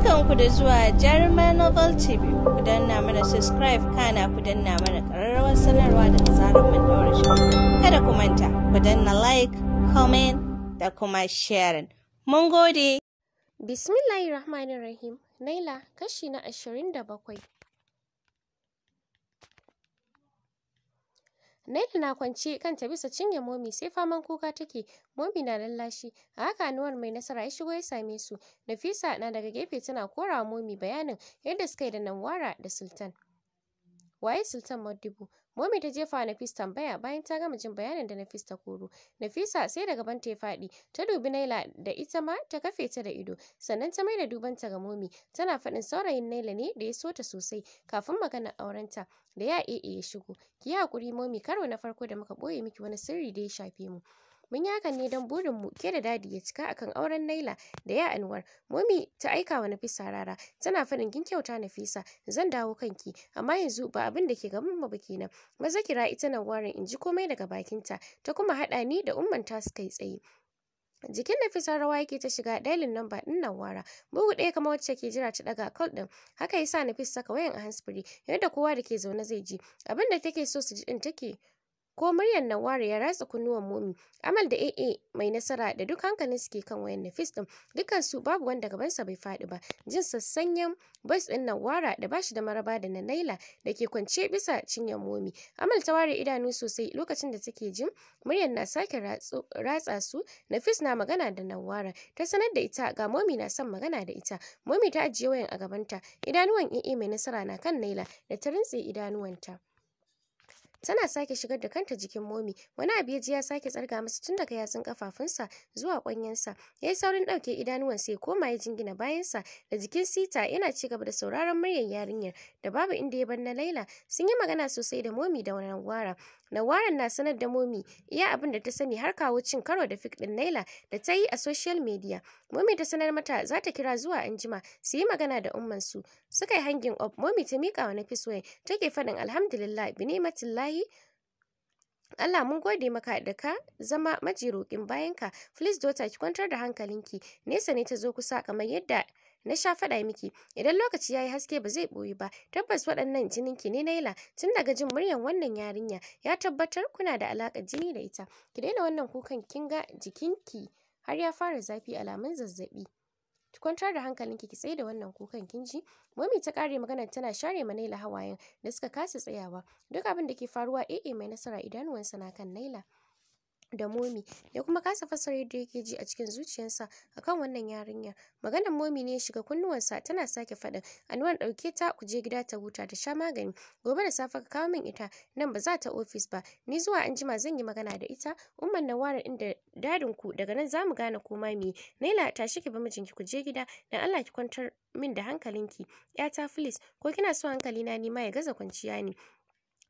barkanku da zuwa jarumar novel tv ku danna mana subscribe kana ku danna mana ƙararrawar sanarwa da tsarin mun daura shi kada ku manta ku danna like comment da kuma sharing mun gode bismillahirrahmanirrahim naila kashi na ashirin da bakwai Naila na kwance kanta bisa cinye momi sai faman kuka take momi na lallashi a haka anuwar mai nasara ya shigo ya same su Nafisa na daga gefe tana korawa momi bayanin yadda suka yi da Nawara da Sultan. Waye Sultan Modibo? Momi ta jefa Nafis tambaya bayan ta gama jin bayanin da Nafis ta koro. Nafisa sai daga ban ta ya faɗi, ta dubi Naila da ita ma ta kafe ta da ido, sannan ta maida duban ta ga Momi, tana faɗin saurayin Naila ne da ya so ta sosai kafin maganar aurenta da ya iya ya shigo. Ki yi hakuri Momi karo na farko da muka ɓoye miki wani sirri da ya shafe mu. Mun yi hakan ne don burinmu ke da dadi ya cika akan auren Naila da ya Anwar. Momi ta aika wa Nafisa rara, tana faɗin kin kyauta Nafisa, zan dawo kanki, amma yanzu ba abin da ke gaban mu ba kenan. Maza kira ita nan warin in ji komai daga bakinta, ta kuma haɗa ni da umman ta su kai tsaye. jikin Nafisa rawa yake ta shiga dailin namba din nan wara bugu ɗaya kamar wacce ke jira ta daga call din haka yasa Nafisa saka wayan a handsfree yadda kowa da ke zaune zai ji abin da take so su ji din take ko muryar Nawara ya ratsa kunnuwan Momi. Amal da AA mai nasara da duk hankalin suke kan wayan Nafis din. dukkan su babu wanda gabansa bai faɗi ba. Jin sassanyen bas din Nawara da bashi da maraba da na Naila da ke kwance bisa cinyar Momi. Amal ta ware idanu sosai lokacin da take jin muryar na sake ratsa su. Nafis na magana da Nawara. Ta sanar da ita ga Momi na son magana da ita. Momi ta ajiye wayan a gabanta. Idanuwan AA mai nasara na kan Naila da ta rintse idanuwanta. tana sake shigar da kanta jikin momi wani abu ya ya sake tsarga masa tun daga yatsun kafafunsa zuwa kwanyensa ya yi saurin ɗauke idanuwan sai koma ya jingina bayansa da jikin sita yana ci gaba da sauraron muryar yarinyar da babu inda ya bar na laila sun yi magana sosai da momi da wani gwara Nawaran na sanar da Momi iya abin da ta sani har kawo cin karo da fik din Naila da ta yi a social media. Momi ta sanar mata za ta kira zuwa anjima su yi magana da umman su. Suka yi hangin up Momi ta mika wa ta ke faɗin alhamdulillah bi ni'matillahi Allah mun gode maka da ka zama maji roƙin bayanka. Please daughter ki kwantar da hankalinki. Nesa ne ta zo kusa kamar yadda na sha faɗa miki idan lokaci yayi haske ba zai ɓoyi ba tabbas waɗannan jinin ki ne Naila tun daga jin muryan wannan yarinya ya tabbatar kuna da alaƙar jini da ita ki daina wannan kukan kin ga jikinki har ya fara zafi alamun zazzaɓi ki kwantar da hankalinki ki tsaye da wannan kukan kin ji mami ta ƙare magana tana share ma Naila hawayen da suka kasa tsayawa duk abin da ke faruwa AA eh, eh, mai nasara idanuwansa na kan Naila da momi ya kuma kasa fassara yadda yake ji a cikin zuciyarsa akan wannan yarinyar maganar momi ne ya shiga kunnuwansa tana sake a anuwar ɗauke ta ku je gida ta huta ta sha magani gobe da safe ka kawo min ita nan ba za ta ofis ba ni zuwa anjima jima zan yi magana da ita umman nawara inda dadin ku daga nan zamu gane ko ma me naila tashi ki ba mijinki ku je gida dan Allah ki kwantar min da hankalinki yata please ko kina so hankalina ni ma ya gaza kwanciya ne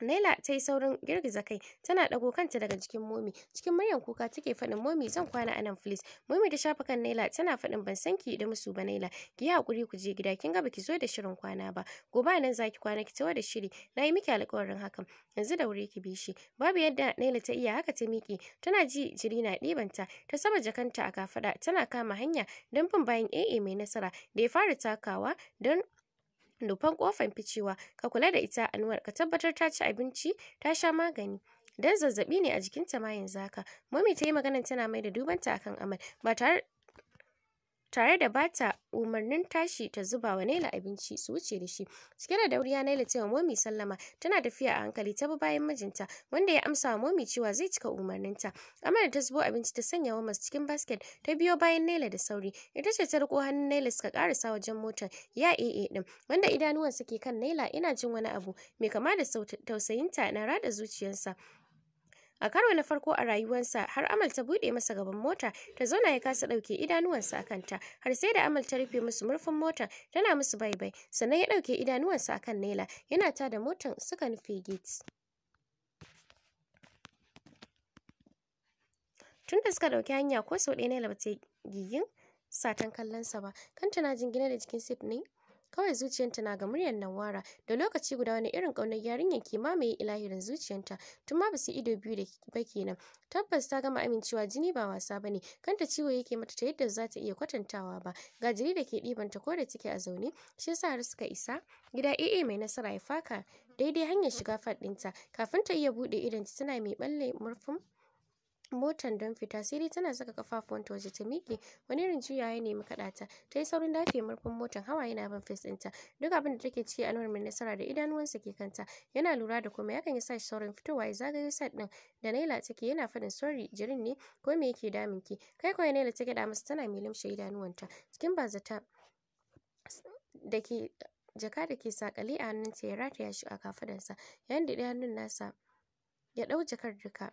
Laila ta yi saurin girgiza kai tana ɗago kanta daga jikin Momi cikin muryar kuka take faɗin Momi zan kwana a nan please Momi ta shafa kan Laila tana faɗin ban san ki da musu ba Laila ki yi hakuri ku je gida kin ga baki zo da shirin kwana ba gobe nan zaki kwana ki tawa da shiri na yi miki alƙawarin hakan yanzu da wuri ki bi shi babu yadda Laila ta iya haka ta miƙe tana ji jiri na ɗibanta ta saba jakanta a kafaɗa tana kama hanya don bin bayan AA mai nasara da ya fara takawa don nufan kofan ficewa ka kula da ita Anwar ka tabbatar ta ci abinci ta sha magani dan zazzabi ne a jikinta ma yanzu haka mami ta yi maganar tana mai da dubanta akan amal ba tare tare da bata umarnin tashi ta zuba wa Naila abinci su wuce da shi. Cike da dauriya Naila wa Momi sallama tana tafiya a hankali ta bi bayan mijinta wanda ya amsa wa Momi cewa zai cika umarninta. Amma ta zubo abinci ta sanya wa masu cikin basket ta biyo bayan Naila da sauri. Ita ce ta riko hannun Naila suka karasa wajen motar ya ee din wanda idanuwan suke kan Naila ina jin wani abu mai kama da tausayinta na rada zuciyarsa. A karo na farko a rayuwarsa har Amal ta bude masa gaban mota ta zauna ya kasa dauke idanuwansa a kanta har sai da Amal ta rufe musu murfin motar tana musu baibai sannan ya ɗauke idanuwansa akan Naila yana ta da motan suka nufi gate. Tun da suka ɗauki hanya ko sau ɗaya nela ba ta yi giyin satan kallonsa ba kanta na jingina da jikin Sif kawai zuciyanta na ga muryar Nawara da lokaci guda wani irin kaunar yarinyar ke mamaye ilahirin zuciyanta tun ma basu ido biyu da ba kenan tabbas ta gama amincewa jini ba wasa bane kanta ciwo yake mata ta yadda za ta iya kwatantawa ba ga jiri da ke ɗibanta ko da take a zaune shi yasa har suka isa gida AA mai nasara ya faka daidai hanyar shiga faɗinta kafin ta iya buɗe idonta tana mai ɓalle murfin motan don fita sai dai tana saka kafafuwanta waje ta miƙe wani irin juya ya nemi kaɗata ta yi saurin dafe murfin motan hawa yana ban fes ɗinta duk abin da take ciki a mai nasara da idanuwansa ke kanta yana lura da kuma yakan yi sa shi saurin fitowa ya zagayo sat ɗin da naila take yana faɗin sorry jirin ne ko me yake damun ki kai kawai naila ta gyaɗa masa tana mai limshe idanuwanta cikin bazata da ke jaka da ke sakale a hannunta ya rataya shi a kafadansa yayin da ɗaya hannun nasa ya ɗau jakar duka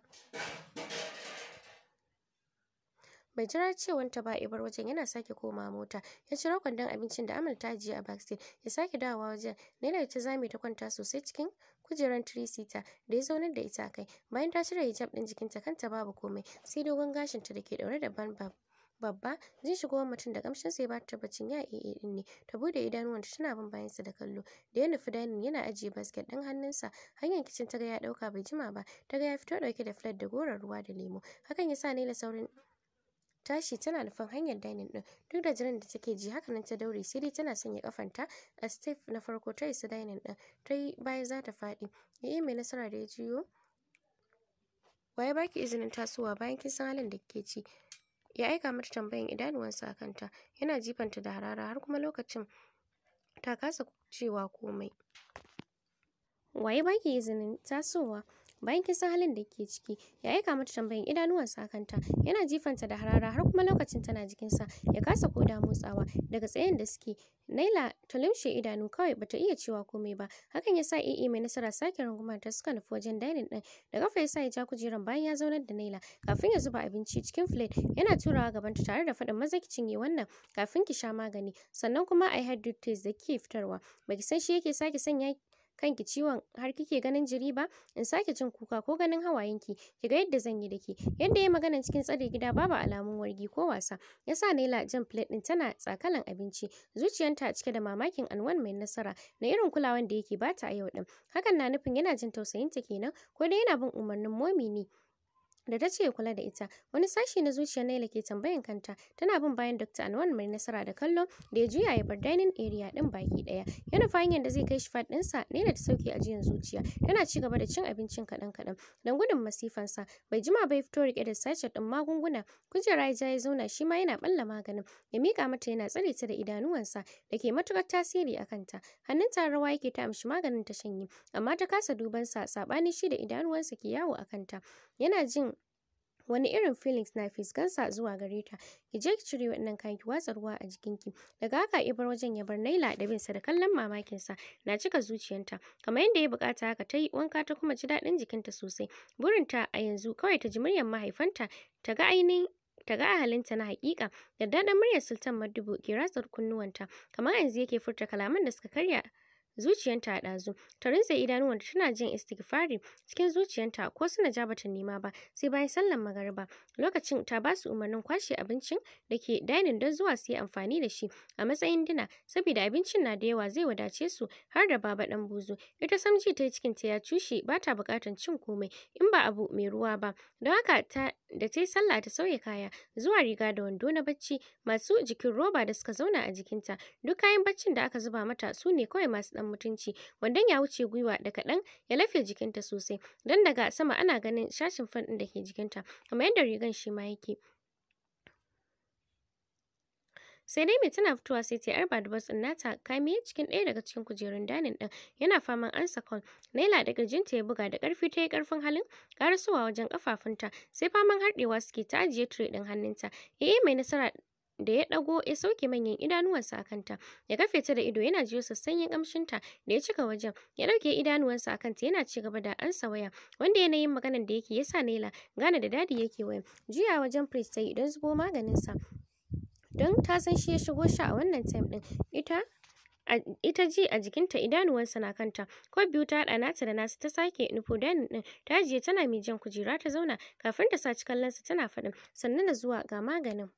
bai jira ta ba ibar wajen yana sake koma mota ya ciro kwandon abincin da amal ta ajiye a backstage ya sake dawowa wajen naila ta zame ta kwanta sosai cikin kujeran trisita da ya zaunar da ita kai bayan ta cire hijab din jikinta kanta babu komai sai dogon gashin ta da ke daure da babba zai shigo mutum da kamshin sai ba ta tabbacin ya iya din ne ta bude idanuwanta tana bin bayansa da kallo da ya nufi danin yana ajiye basket din hannunsa hanyar kicin ta ga ya dauka bai jima ba ta ga ya fito dauke da flat da goron ruwa da lemo hakan ya sa naila saurin tashi tana nufin hanyar dining din duk da jiran da take ji haka nan ta daure sai dai tana sanya kafanta a step na farko ta isa dining din ta yi baya za ta faɗi yayi mai nasara da ya jiyo waye baki izinin tasowa bayan kin san halin da kike ci ya aika mata tambayan idanuwansa a kanta yana jifanta da harara har kuma lokacin ta kasa cewa komai waye baki izinin tasowa bayan kin san halin da kike ciki ya aika mata tambayin idanuwan kanta yana jifanta da harara har kuma lokacin tana jikinsa ya kasa koda motsawa daga tsayen da suke Naila ta lumshe idanu kawai bata iya cewa komai ba hakan ya sa AA e mai nasara sake runguma ta suka nufi wajen dining din da kafa ya sa ya ja kujeran bayan ya zaunar da Naila kafin ya zuba abinci cikin plate yana turawa gabanta tare da faɗin maza ki cinye wannan kafin ki sha magani sannan kuma ai hard da kike fitarwa baki san shi yake sake sanya kanki ciwon har kike ganin jiri ba in sake jin kuka ko ganin hawayenki ki ga yadda zan yi dake. yadda ya magana cikin tsare gida babu alamun wargi ko wasa yasa Naila jan plate din tana tsakalan abinci zuciyanta cike da mamakin Anwan mai nasara na irin kulawan da yake bata a yau din hakan na nufin yana jin tausayin ta kenan ko dai yana bin umarnin momi ne da ta ce kula da ita wani sashi na zuciya na ke tambayan kanta tana bin bayan Dr. Anwar mai nasara da kallo da ya juya ya bar dining area din baki daya yana fahimta da zai kai shi dinsa ne da ta sauke jiyan zuciya tana ci gaba da cin abincin kaɗan kaɗan don gudun masifansa bai jima bai fito rike da sachet din magunguna kujera ya ya zauna shi ma yana balla maganin ya mika mata yana tsare ta da idanuwansa da ke matukar tasiri a kanta hannun ta rawa yake ta amshi maganin ta shanye amma ta kasa duban sa sabani shi da idanuwansa ke yawo a kanta yana jin wani irin feelings na fiskansa zuwa gare ta ki je ki cire waɗannan kayan ki watsa ruwa a jikinki daga haka ibar wajen ya bar naila da binsa da kallon sa na cika zuciyanta kamar yadda ya bukata haka ta yi wanka ta kuma ji daɗin jikinta sosai burinta a yanzu kawai ta ji muryar mahaifanta ta ga ainihin ta ga ahalinta na hakika da daɗin muryar sultan madubu ke ratsa kunnuwanta kamar yanzu yake furta kalaman da suka karya zuciyanta a ɗazu ta rinse idanuwanta tana jin istighfari cikin zuciyanta ko suna ja bata nema ba sai bayan sallan magariba lokacin ta basu umarnin kwashe abincin da ke dainin don zuwa su yi amfani da shi a matsayin dina saboda abincin na da yawa zai wadace su har da baba dan buzu ita samji ta cikin ta ya cushe ba ta bukatan cin komai in ba abu mai ruwa ba don haka ta da ta yi sallah ta sauya kaya zuwa riga da wando na bacci masu jikin roba da suka zauna a jikinta duk kayan baccin da aka zuba mata su ne kawai masu dan mutunci wandon ya wuce gwiwa da kaɗan ya lafe jikinta sosai don daga sama ana ganin shashin faɗin da ke jikinta kamar yadda rigan shi ma yake sai dai mai tana fitowa sai ta arba da batsin nata kame cikin ɗaya daga cikin kujerun danin ɗin yana faman ansa kol naila da kirjinta ya buga da ƙarfi ta yi ƙarfin halin ƙarasowa wajen ƙafafunta sai faman harɗewa suke ta ajiye tire ɗin hannunta eh mai nasara da ya ɗago ya sauke manyan idanuwansa a kanta ya kafe ta da ido yana jiyo sassanyen kamshinta da ya cika wajen ya ɗauke idanuwansa a kanta yana ci gaba da ansa waya wanda yanayin maganan da yake sa Naila gane da dadi yake waya juya wajen priest ta yi don zubo maganinsa don ta san shi ya shigo sha a wannan time ɗin ita ita ji a jikinta idanuwansa na kanta ko biyu ta haɗa nata da nasu ta sake nufo danin ɗin ta tana mai jan kujera ta zauna kafin ta saci kallonsa tana faɗin sannan da zuwa ga maganin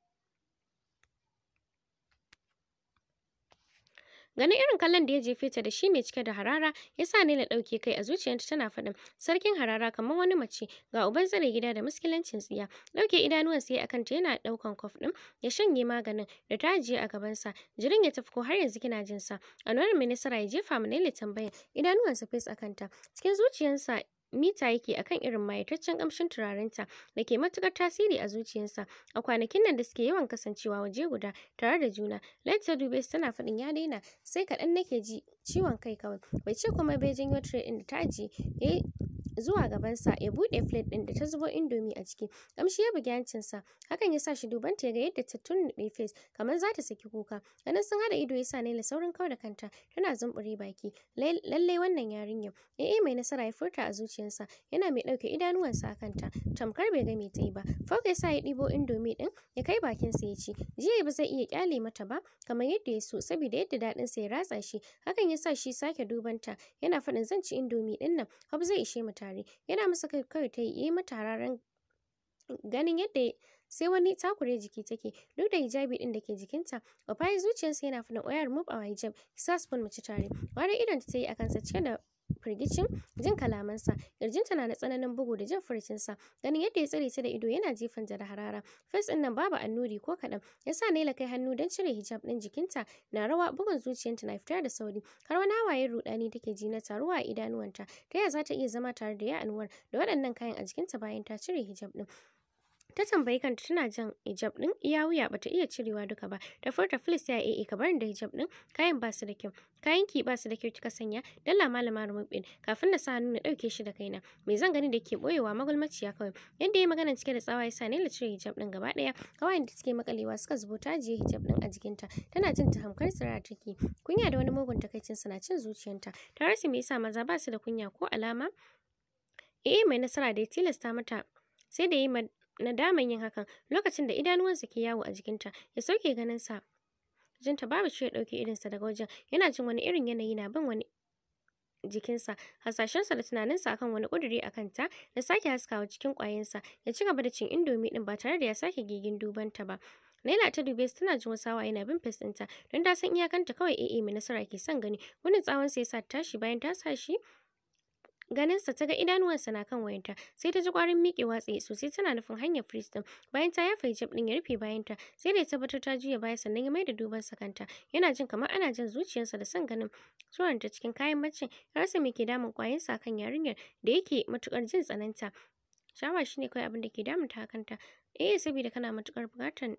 ganin irin kallon da ya jefe ta da shi mai cike da harara ya sa Naila ɗauke kai a zuciyarta tana faɗin sarkin harara kamar wani mace ga uban zare gida da muskilancin tsiya ɗauke idanuwan sai akan ta yana ɗaukan kwaf ɗin ya shanye maganin da ta ajiye a gabansa jirin ya tafi ko har yanzu kina jin sa Anwar mai nasara ya jefa ma Naila tambaya idanuwansa fes akan ta cikin zuciyarsa mita yake akan irin mayataccen kamshin turarenta da ke matukar tasiri a zuciyarsa a kwanakin nan da suke yawan kasancewa waje guda tare da juna Light ta dube tana faɗin ya daina sai kaɗan nake ji ciwon kai kawai bai ce komai bai janyo ɗin da ta ji zuwa gabansa ya buɗe plate ɗin da ta zubo indomie a ciki kamshi ya bugi hancinsa hakan ya sa shi duban ta ga yadda ta tunnuɗe face kamar za ta saki kuka ganin sun haɗa ido ya sa Naila saurin kau da kanta tana zumbure baki lallai wannan yarinya eh mai nasara ya furta a zuciyarsa yana mai ɗauke idanuwansa a kanta tamkar bai ga me ta yi ba fauke ya sa ya ɗibo indomie ɗin ya kai bakinsa ya ci jiya ba zai iya kyale mata ba kamar yadda ya so saboda yadda daɗinsa ya ratsa shi hakan ya sa shi sake dubanta yana faɗin zan ci indomie ɗin nan hab zai ishe mata tare yana masa kai kai ta yi mata raran ganin yadda sai wani takure jiki take duk da hijabi din da ke jikinta a zuciyarsa yana fina oyar mu a hijab sa mace tare wani idan ta yi a sa cike da firgicin jin kalamansa kirjinta na da tsananin bugu da jin furcinsa ganin yadda ya tsare ta da ido yana jifan da harara fes din nan babu annuri ko kaɗan ya sa naila kai hannu don cire hijab ɗin jikinta na rawa bugun zuciyarta na fitar da sauri har wani hawayen rudani take ji na taruwa a idanuwanta ta yaya za ta iya zama tare da ya anwar da waɗannan kayan a jikinta bayan ta cire hijab ɗin ta tambayi kanta tana jan hijab din iya wuya bata iya cirewa duka ba ta furta flis ya ee eh, eh, ka barin da hijab din kayan ba su da kyau kayan ki ba su da kyau kika sanya dalla malama rumubin kafin na sa hannu na dauke shi da kaina me zan gani da ke boyewa magulmaciya kawai yadda yayi magana cike da tsawa ya sa la cire hijab din gaba daya kawayen da suke makalewa suka zubo ta ajiye hijab din a jikinta tana jin ta hamkar tsira ciki kunya da wani mugun takaicin suna cin zuciyanta ta rasa me yasa maza ba su da kunya ko alama eh, eh mai nasara da ya tilasta mata sai da yi nadaman yin hakan lokacin da idanuwansa ke yawo a jikinta ya sauke ganinsa jinta babu shi ya dauki ɗauki sa daga wajen yana jin wani irin yanayi na bin wani jikinsa hasashensa da tunaninsa akan wani ƙuduri a ta ya sake haskawa cikin sa ya ci gaba da cin indomi ɗin ba tare da ya sake gigin ta ba naila ta dube su tana jin wasawa yana bin fes ɗinta don ta san iyakanta kawai AA mai nasara ke son gani wani tsawon sai sa tashi bayan ta sa shi ganin sa ta ga idanuwansa na kan wayarta sai ta ji kwarin miƙewa tsaye sosai tana nufin hanyar firistin bayan ta yafa hijab din ya rufe bayanta sai da ya tabbatar ta juya baya sannan ya mai da duban sa kanta yana jin kamar ana jin zuciyarsa da son ganin ta cikin kayan macin rasa me ke damun sa kan yarinyar da yake matukar jin tsananta shawa shine kawai abin da ke damunta kanta eh saboda kana matukar bukatan.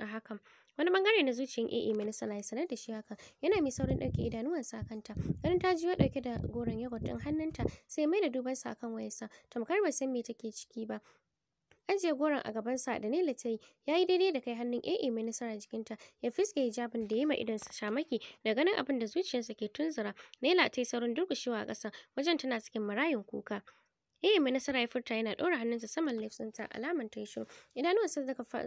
a hakan wani bangare na zuciyar AA mai nasala ya sanar da shi haka yana mai saurin ɗauke idanuwan sa kanta ganin ta jiyo ɗauke da goron yogurt ɗin hannunta sai mai da sa kan wayarsa tamkar ba san me take ciki ba ajiye goron a gaban sa da nela ta yi ya yi daidai da kai hannun AA mai nasara jikinta ya fiske hijabin da ya ma sa shamaki da ganin abin da zuciyarsa ke tunzura nela ta yi saurin durkushewa a ƙasa wajen tana cikin marayun kuka. AA mai nasara ya furta yana ɗora hannunsa saman lefsinta alaman ta yi shiru idanuwansa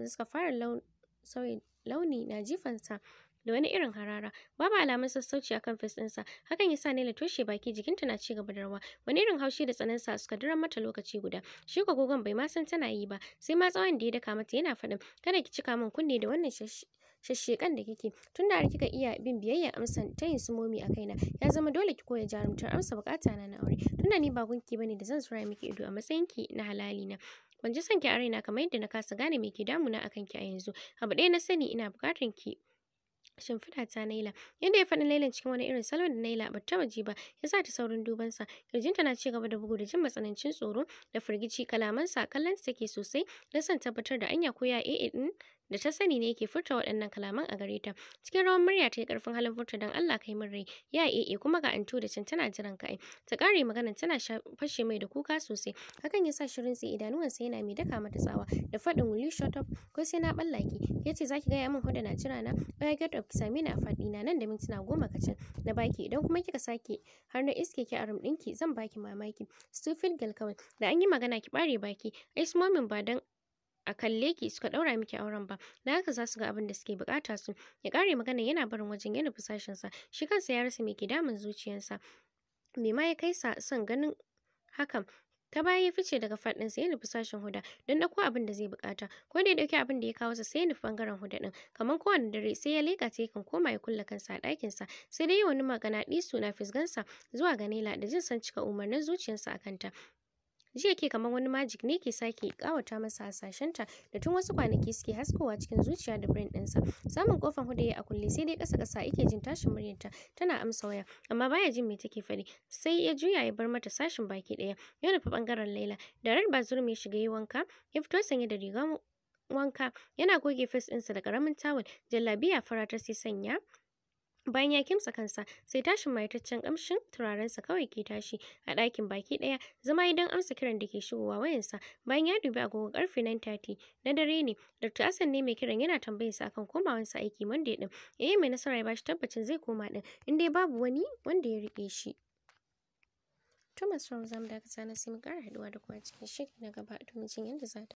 suka fara sauyin launi na jifansa da wani irin harara babu alamun sassauci akan fes ɗinsa hakan yasa Naila toshe baki jikinta na ci gaba da rawa wani irin haushi da tsanansa suka dira mata lokaci guda shi gogon bai ma san tana yi ba sai ma tsawon da ya daka mata yana faɗin kada ki cika min kunne da wannan shashshekan da kike tun da har kika iya bin biyayya amsan ta yin sumomi a kaina ya zama dole ki koya jarumtar amsa bukata na na aure tunda ni ba gunki bane da zan sura miki ido a matsayin ki na halali na Ban ji son ki a raina kamar yadda na kasa gane me ke damuna akan ki a yanzu. Abu ɗaya na sani ina buƙatar ki shimfiɗa ta Naila. Yadda ya faɗi nailan cikin wani irin salon da Naila ba ta waje ba, ya sa ta saurin dubansa sa. Kirjinta na ci gaba da bugu da jin matsanancin tsoro da firgici kalaman sa kallon sa take sosai, na son tabbatar da anya ko ya eh din da ta sani ne yake furta waɗannan kalaman a gare ta cikin rawan murya ta yi ƙarfin halin furta don Allah kai min rai ya ee eh, eh kuma ga antu da can tana jiran ka ai ta kare maganar tana fashe mai da kuka sosai hakan ya sa shirin sai idanuwansa yana mai daka mata tsawa da faɗin will you shut up ko sai na ɓallaki ya ce zaki gaya min hoda na jira na baya get up sami na faɗi na nan da mintuna goma kacal na baki idan kuma kika sake har na iske ki a rum ɗinki zan baki mamaki stupid girl kawai da an yi magana ki ɓare baki ai su ba dan a kalle ki suka ɗaura miki auren ba na haka za su ga abin da suke bukata su ya kare magana yana barin wajen yana nufi sa shi kansa ya rasa miki damun zuciyarsa me ma ya kai sa son ganin hakan ta baya ya fice daga fadin sa yana sashen huda don ko abin da zai bukata ko da ya dauki abin da ya kawo sa sai ya nufi bangaren huda ɗin kamar kowane dare sai ya leka ta yakan koma ya kulla kansa a ɗakinsa sai dai wani magana ɗisu na fisgansa zuwa ga da jin san cika umarnin zuciyarsa a kanta jiya ke kamar wani magic ne ke sake kawata masa hasashenta da tun wasu kwanaki suke haskowa cikin zuciya da brain ɗinsa samun kofan ya a kulle sai dai ƙasa ƙasa yake jin tashin muryarta tana amsa waya amma baya jin me take faɗi sai ya juya ya bar mata sashin baki ɗaya ya nufi ɓangaren laila da rar bazur mai shiga yi wanka ya fito sanye da rigar wanka yana goge fes ɗinsa da ƙaramin tawul jallabiya fara ta sai sanya Bayan ya kimsa kansa, sai tashin mayataccen kamshin turaren sa kawai ke tashi a ɗakin baki ɗaya, zama idan amsa kiran da ke shigowa wayansa. Bayan ya dubi agogo karfe 9:30 na dare ne, Dr. Hassan ne mai kiran yana sa akan komawansa aiki Monday din. Eh mai nasara ya bashi tabbacin zai koma din, in dai babu wani wanda ya riƙe shi. Thomas zamu da aka sana sai mu kara haɗuwa da kuma cikin shiri na gaba domin jin yadda za ta